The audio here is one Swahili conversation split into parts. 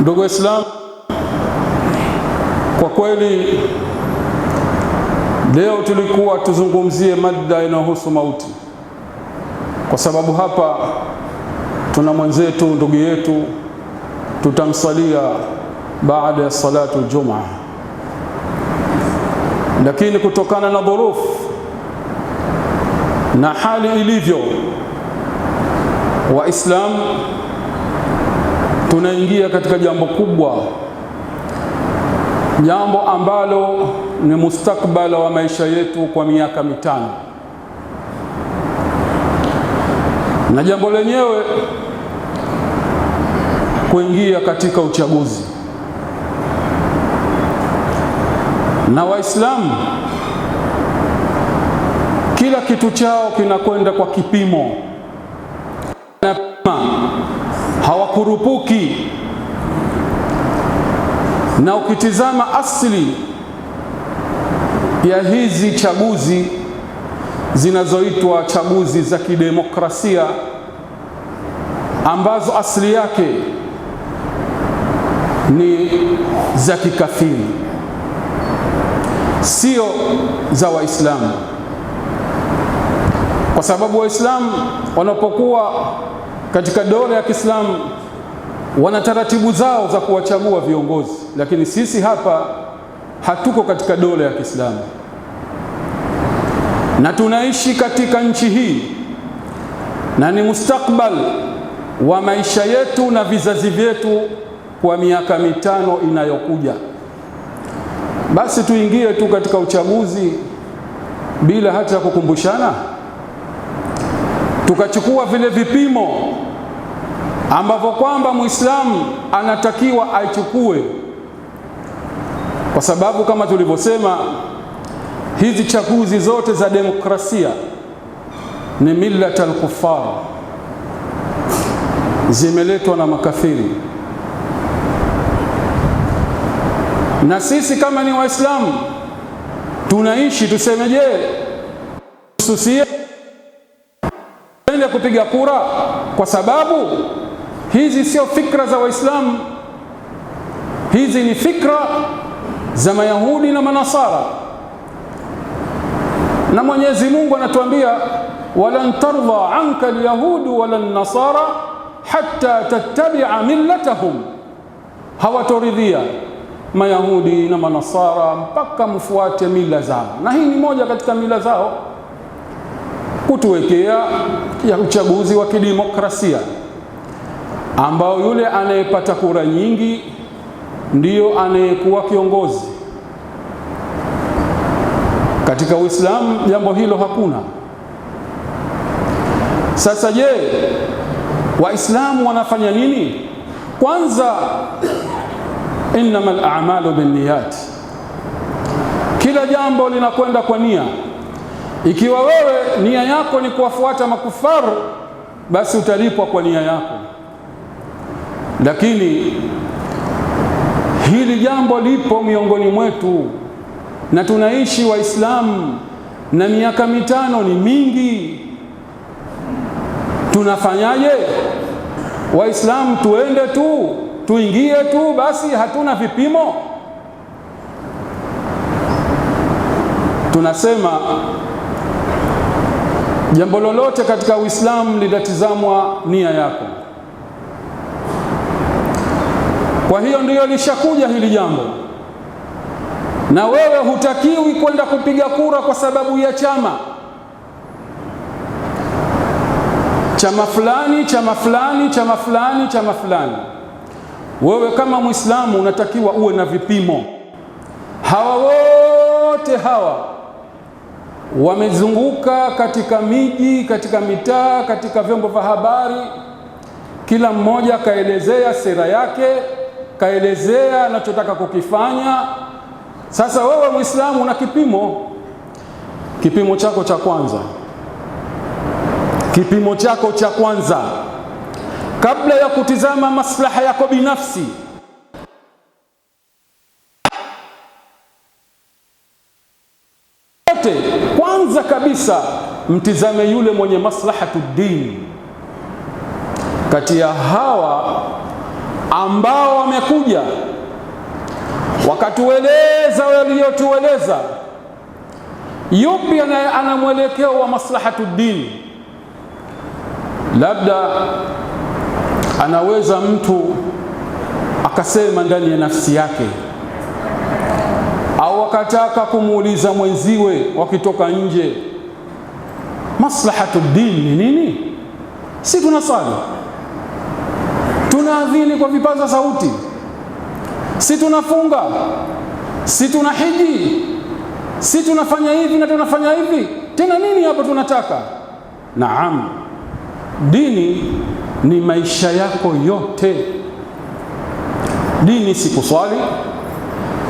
Ndugu Waislamu, kwa kweli leo tulikuwa tuzungumzie mada inayohusu mauti, kwa sababu hapa tuna mwenzetu, ndugu yetu, tutamsalia baada ya salatu Jumaa, lakini kutokana na dhurufu na hali ilivyo Waislamu tunaingia katika jambo kubwa, jambo ambalo ni mustakbali wa maisha yetu kwa miaka mitano, na jambo lenyewe kuingia katika uchaguzi. Na Waislamu kila kitu chao kinakwenda kwa kipimo na hawakurupuki. Na ukitizama asili ya hizi chaguzi zinazoitwa chaguzi za kidemokrasia ambazo asili yake ni za kikafiri, sio za Waislamu, kwa sababu Waislamu wanapokuwa katika dola ya Kiislamu wana taratibu zao za kuwachagua viongozi, lakini sisi hapa hatuko katika dola ya Kiislamu na tunaishi katika nchi hii, na ni mustakbal wa maisha yetu na vizazi vyetu kwa miaka mitano inayokuja. Basi tuingie tu katika uchaguzi bila hata kukumbushana tukachukua vile vipimo ambavyo kwamba Muislamu anatakiwa aichukue, kwa sababu kama tulivyosema, hizi chaguzi zote za demokrasia ni millata alkufar, zimeletwa na makafiri, na sisi kama ni Waislamu tunaishi, tuseme je, ya kupiga kura, kwa sababu hizi sio fikra za Waislamu, hizi ni fikra za Mayahudi na Manasara. Na Mwenyezi Mungu anatuambia walan tardha anka alyahudu wala nasara hatta tattabia millatahum, hawatoridhia Mayahudi na Manasara mpaka mfuate mila zao, na hii ni moja katika mila zao kutuwekea ya uchaguzi wa kidemokrasia ambao yule anayepata kura nyingi ndiyo anayekuwa kiongozi katika Uislamu. Jambo hilo hakuna. Sasa je, Waislamu wanafanya nini? Kwanza, innamal a'malu binniyat, kila jambo linakwenda kwa nia. Ikiwa wewe nia yako ni kuwafuata makufaru, basi utalipwa kwa nia yako. Lakini hili jambo lipo miongoni mwetu na tunaishi Waislamu, na miaka mitano ni mingi. Tunafanyaje Waislamu? Tuende tu tuingie tu basi? Hatuna vipimo, tunasema Jambo lolote katika Uislamu linatizamwa nia yako. Kwa hiyo ndiyo lishakuja hili jambo, na wewe hutakiwi kwenda kupiga kura kwa sababu ya chama chama fulani chama fulani chama fulani chama fulani. Wewe kama Mwislamu unatakiwa uwe na vipimo. Hawa wote hawa wamezunguka katika miji, katika mitaa, katika vyombo vya habari, kila mmoja kaelezea sera yake, kaelezea anachotaka kukifanya. Sasa wewe Muislamu una kipimo, kipimo chako cha kwanza, kipimo chako cha kwanza kabla ya kutizama maslaha yako binafsi yote kwanza kabisa mtizame yule mwenye maslahatu dini kati ya hawa ambao wamekuja wakatueleza waliotueleza, yupi ana mwelekeo wa maslahatu dini? Labda anaweza mtu akasema ndani ya nafsi yake wakataka kumuuliza mwenziwe wakitoka nje, maslahatu dini ni nini? Si swali, tunaadhini kwa vipaza sauti, si tunafunga, si tuna hiji, si tunafanya hivi na tunafanya hivi tena, nini hapo tunataka? Naam, dini ni maisha yako yote. Dini si kuswali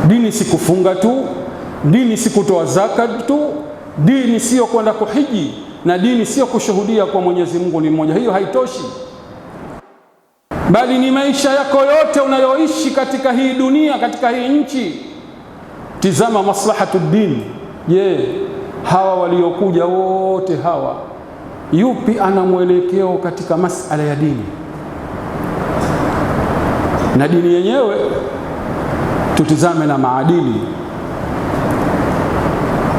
Dini si kufunga tu, dini si kutoa zakat tu, dini sio kwenda kuhiji, na dini sio kushuhudia kwa Mwenyezi Mungu ni mmoja. Hiyo haitoshi, bali ni maisha yako yote unayoishi katika hii dunia, katika hii nchi. Tizama maslahatu dini. Je, hawa waliokuja wote hawa, yupi ana mwelekeo katika masala ya dini? Na dini yenyewe tutizame na maadili,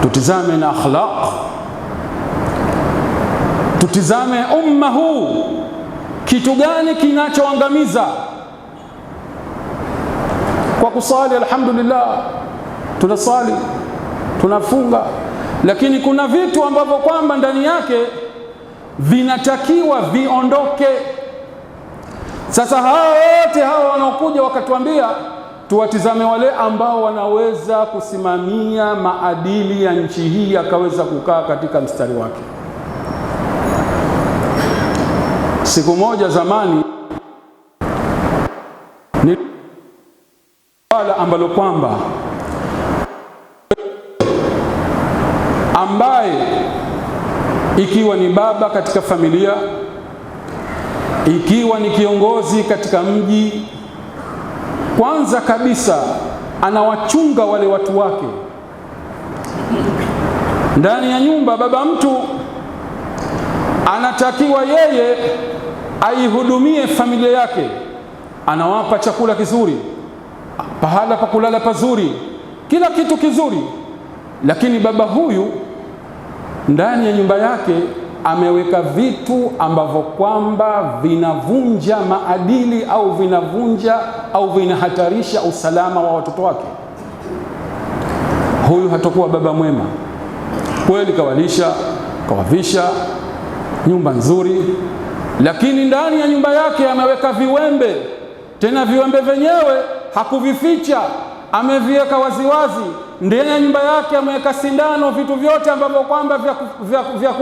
tutizame na akhlaq, tutizame umma huu, kitu gani kinachoangamiza kwa kusali. Alhamdulillah, tunasali tunafunga, lakini kuna vitu ambavyo kwamba ndani yake vinatakiwa viondoke. Sasa hawa wote hawa wanaokuja wakatuambia tuwatizame wale ambao wanaweza kusimamia maadili ya nchi hii akaweza kukaa katika mstari wake. Siku moja zamani ni wala ambalo kwamba ambaye ikiwa ni baba katika familia, ikiwa ni kiongozi katika mji kwanza kabisa anawachunga wale watu wake ndani ya nyumba. Baba mtu anatakiwa yeye aihudumie familia yake, anawapa chakula kizuri, pahala pa kulala pazuri, kila kitu kizuri, lakini baba huyu ndani ya nyumba yake ameweka vitu ambavyo kwamba vinavunja maadili au vinavunja au vinahatarisha usalama wa watoto wake. Huyu hatakuwa baba mwema kweli. Kawalisha, kawavisha, nyumba nzuri, lakini ndani ya nyumba yake ameweka viwembe, tena viwembe vyenyewe hakuvificha ameviweka waziwazi ndani ya nyumba yake, ameweka sindano, vitu vyote ambavyo kwamba vya, vya, vya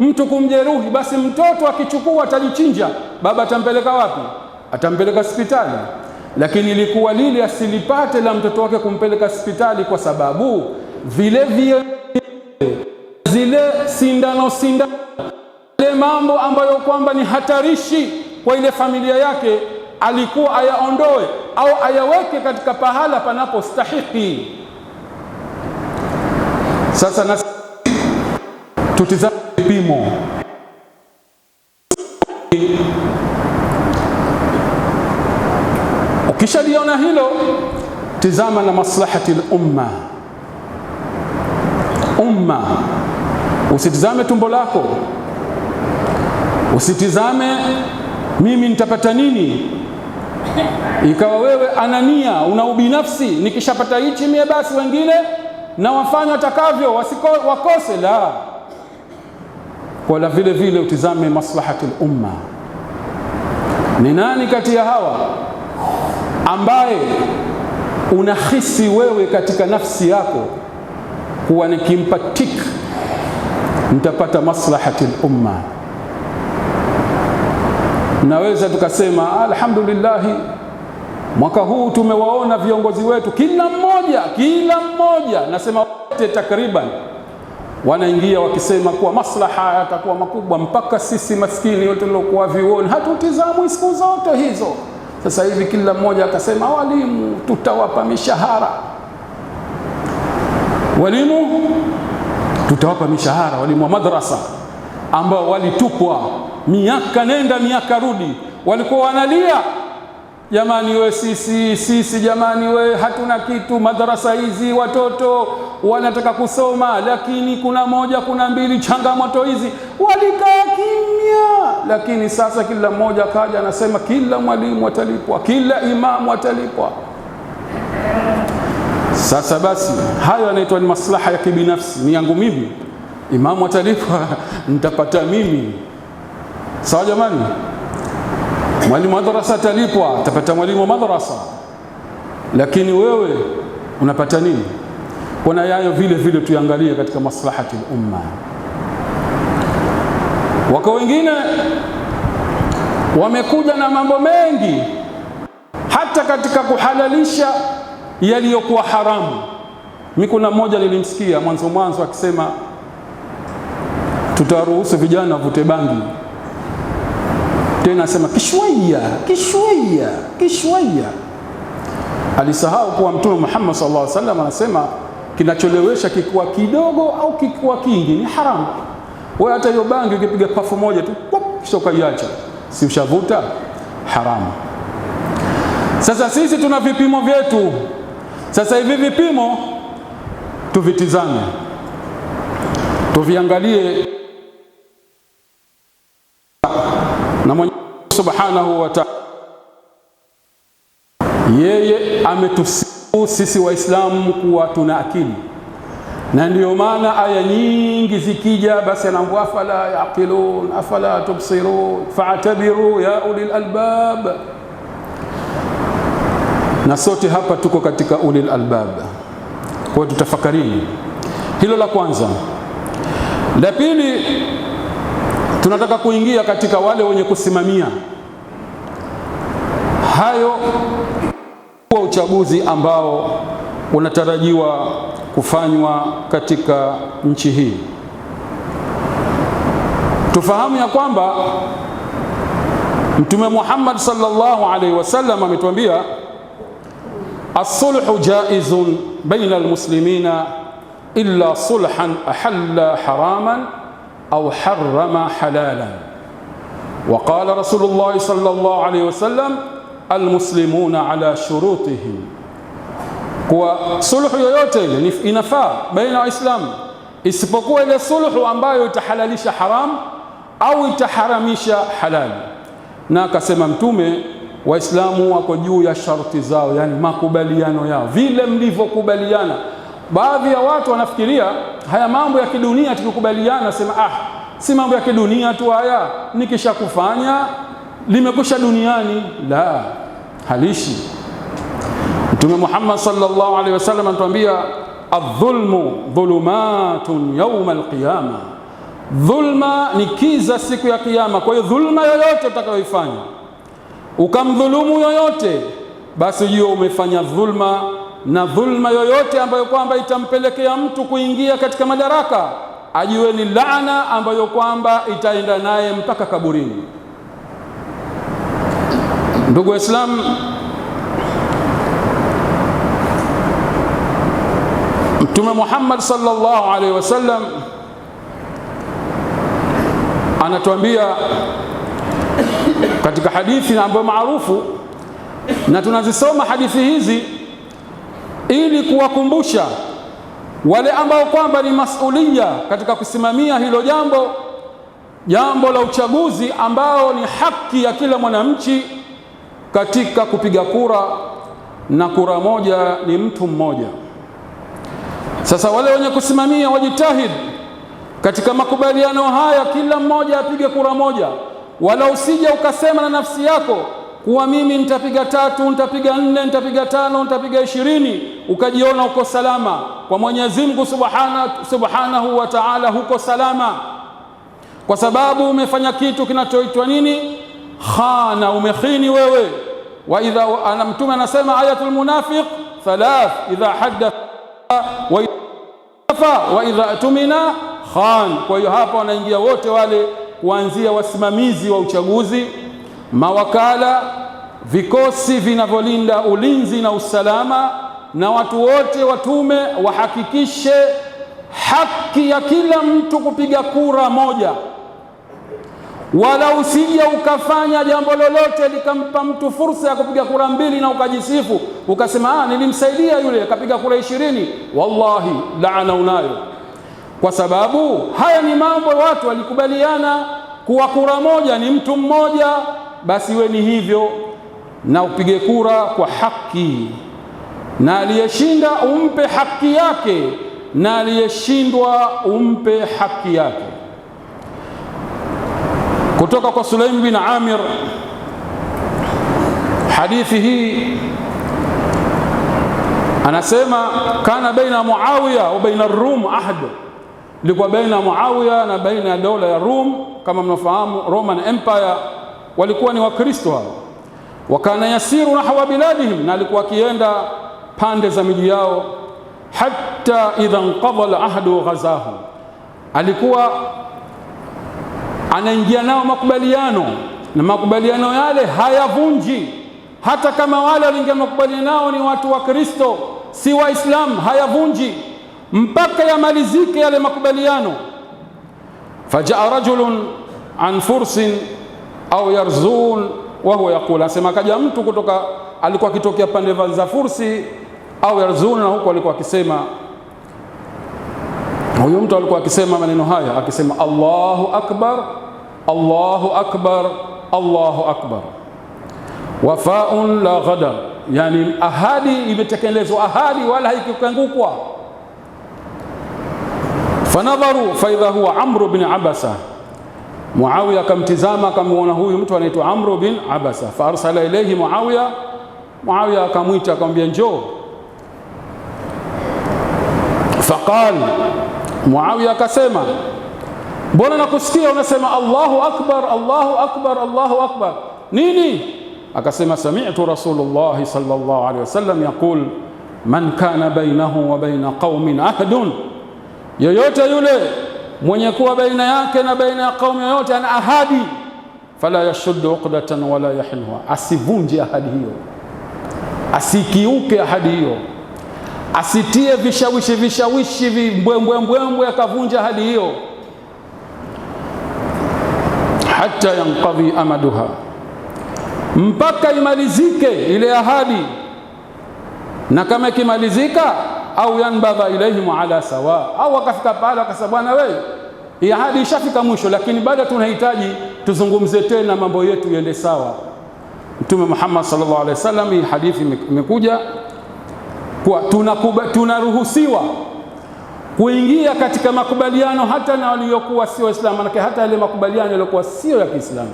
mtu kumjeruhi, basi mtoto akichukua atajichinja, baba atampeleka wapi? Atampeleka hospitali. Lakini ilikuwa lile asilipate la mtoto wake kumpeleka hospitali, kwa sababu vile vile zile sindano sindano, yale mambo ambayo kwamba ni hatarishi kwa ile familia yake alikuwa ayaondoe au ayaweke katika pahala panapostahiki. Sasa na tutizame vipimo liona hilo, tizama na maslahati lumma umma. Usitizame tumbo lako, usitizame mimi nitapata nini ikawa wewe anania, una ubinafsi, nikishapata hichi mie basi wengine na wafanya watakavyo wasiko, wakose la wala vile vile utizame maslahatul umma. Ni nani kati ya hawa ambaye unahisi wewe katika nafsi yako kuwa nikimpatik nitapata maslahati umma? tunaweza tukasema alhamdulillah, mwaka huu tumewaona viongozi wetu kila mmoja kila mmoja, nasema wote takriban wanaingia wakisema kuwa maslaha yatakuwa makubwa, mpaka sisi maskini wote tuliokuwa viuoni hatutizamwi siku zote hizo. Sasa hivi kila mmoja akasema, walimu tutawapa mishahara, walimu tutawapa mishahara, walimu wa madrasa ambao walitupwa miaka nenda miaka rudi, walikuwa wanalia jamani, we sisi sisi, jamani we hatuna kitu, madarasa hizi watoto wanataka kusoma, lakini kuna moja kuna mbili, changamoto hizi. Walikaa kimya, lakini sasa kila mmoja akaja anasema kila mwalimu atalipwa, kila imamu atalipwa. Sasa basi, hayo yanaitwa ni maslaha ya kibinafsi, ni yangu mimi, imamu atalipwa nitapata mimi. Sawa jamani, mwalimu madrasa atalipwa, atapata mwalimu wa madrasa, lakini wewe unapata nini? Kuna yayo vile vile tuangalie katika maslahati lumma. Wako wengine wamekuja na mambo mengi, hata katika kuhalalisha yaliyokuwa haramu. Mi kuna mmoja nilimsikia mwanzo mwanzo akisema tutaruhusu vijana wavute bangi tena, asema kishwaya kishwaya kishwaia. Alisahau kuwa Mtume Muhammad sallallahu alaihi wasallam anasema kinacholewesha kikuwa kidogo au kikuwa kingi ni haramu. Wewe hata hiyo bangi ukipiga pafu moja tu kisha ukaiacha, si ushavuta? Haramu. Sasa sisi tuna vipimo vyetu. Sasa hivi vipimo tuvitizame, tuviangalie. na Mwenyezi Subhanahu wa Ta'ala, yeye ametusifu sisi Waislamu kuwa tuna akili, na ndiyo maana aya nyingi zikija, basi anaambua afala yaqilun afala tubsirun fa'tabiru ya ulil albab. Na sote hapa tuko katika ulil albab, kwa tutafakarini hilo la kwanza. La pili tunataka kuingia katika wale wenye kusimamia hayo kwa uchaguzi ambao unatarajiwa kufanywa katika nchi hii. Tufahamu ya kwamba Mtume Muhammad sallallahu alaihi wasallam ametuambia as-sulhu jaizun baina al-muslimina illa sulhan ahalla haraman أو حرم حلالا وقال رسول الله صلى الله عليه wasallam almuslimuna ala shurutihim, kwa sulhu yoyote ile inafaa baina Waislamu, isipokuwa ile sulhu ambayo itahalalisha haram au itaharamisha halali. Na akasema Mtume, Waislamu wako juu ya sharti zao, yani makubaliano yao, vile mlivyokubaliana Baadhi ya watu wanafikiria haya mambo ya kidunia tukikubaliana, sema ah, si mambo ya kidunia tu haya, nikishakufanya limekusha duniani. La, halishi. Mtume Muhammad sallallahu alaihi wasallam anatuambia adh-dhulmu dhulumatun yawma al-qiyama, dhulma ni kiza siku ya Kiyama. Kwa hiyo dhulma yoyote utakayoifanya ukamdhulumu yoyote, basi hiyo umefanya dhulma na dhulma yoyote ambayo kwamba itampelekea mtu kuingia katika madaraka, ajue ni laana ambayo kwamba itaenda naye mpaka kaburini. Ndugu Waislamu, Mtume Muhammad sallallahu alaihi wasallam anatuambia katika hadithi ambayo maarufu na tunazisoma hadithi hizi ili kuwakumbusha wale ambao kwamba ni masulia katika kusimamia hilo jambo, jambo la uchaguzi ambao ni haki ya kila mwananchi katika kupiga kura, na kura moja ni mtu mmoja. Sasa wale wenye kusimamia wajitahidi katika makubaliano haya, kila mmoja apige kura moja, wala usije ukasema na nafsi yako kuwa mimi nitapiga tatu, nitapiga nne, nitapiga tano, nitapiga ishirini, ukajiona uko salama kwa Mwenyezi Mungu subhana, subhanahu wa taala, huko salama kwa sababu umefanya kitu kinachoitwa nini? Khana, umekhini wewe. Wa idha ana Mtume anasema ayatul munafiq thalath idha haddatha wa idha tumina khan. Kwa hiyo hapa wanaingia wote wale kuanzia wasimamizi wa uchaguzi mawakala, vikosi vinavyolinda ulinzi na usalama, na watu wote watume wahakikishe haki ya kila mtu kupiga kura moja, wala usije ukafanya jambo lolote likampa mtu fursa ya kupiga kura mbili na ukajisifu ukasema, ah, nilimsaidia yule akapiga kura ishirini. Wallahi laana unayo, kwa sababu haya ni mambo watu walikubaliana kuwa kura moja ni mtu mmoja basi ni hivyo na upige kura kwa haki, na aliyeshinda umpe haki yake, na aliyeshindwa umpe haki yake. Kutoka kwa Sulaim bin Amir, hadithi hii anasema kana baina Muawiya wa baina Rum ahd, ilikuwa baina Muawiya na baina ya dola ya Rum. Kama mnafahamu Roman Empire walikuwa ni Wakristo hao. Wakana yasiru nahwa biladihim, na alikuwa akienda pande za miji yao. Hatta idha nqadha alahdu ghazahu, alikuwa anaingia nao makubaliano, na makubaliano yale hayavunji hata kama wale waliingia makubaliano nao ni watu wa Kristo si Waislamu, hayavunji mpaka yamalizike yale makubaliano. Fajaa rajulun an fursin au yarzun wa yaqul, anasema akaja mtu kutoka alikuwa akitokea pande za Fursi au yarzun, na huko alikuwa akisema huyo mtu alikuwa akisema maneno haya akisema Allahu akbar Allahu akbar Allahu akbar, wafaun la ghadar, yani ahadi imetekelezwa, ahadi wala haikukangukwa. Fanadharu faidha huwa Amru bin Abasa Muawiya akamtizama akamwona huyu mtu anaitwa Amru bin Abasa, fa arsala ilayhi Muawiya. Muawiya akamwita akamwambia, njoo. Faqal Muawiya akasema, mbona nakusikia unasema Allahu akbar, Allahu akbar, Allahu akbar nini? Akasema, sami'tu Rasulullah sallallahu alayhi wasallam yaqul man kana bainahu wa baina qaumin ahdun, yoyote yule mwenye kuwa baina yake na baina ya kaumu yoyote ana ahadi, fala yashuddu uqdatan wala yahilha, asivunje ahadi hiyo, asikiuke ahadi hiyo, asitie vishawishi vishawishi vimbwembwembwembwe akavunja ahadi hiyo, hata yanqadhi amaduha, mpaka imalizike ile ahadi, na kama ikimalizika au yanbadha ilaihim ala sawa, au wakafika pale wakasema, bwana wewe, hii ahadi ishafika mwisho, lakini bado tunahitaji tuzungumze tena mambo yetu yende sawa. Mtume Muhammad sallallahu alaihi wasallam, hii hadithi imekuja kwa tunaruhusiwa kuingia katika makubaliano hata na waliokuwa sio Waislamu, manake hata yale makubaliano yaliokuwa sio ya Kiislamu.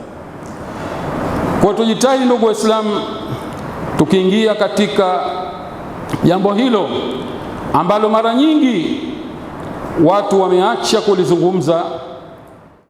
Kwa tujitahidi ndugu Waislamu, tukiingia katika jambo hilo ambalo mara nyingi watu wameacha kulizungumza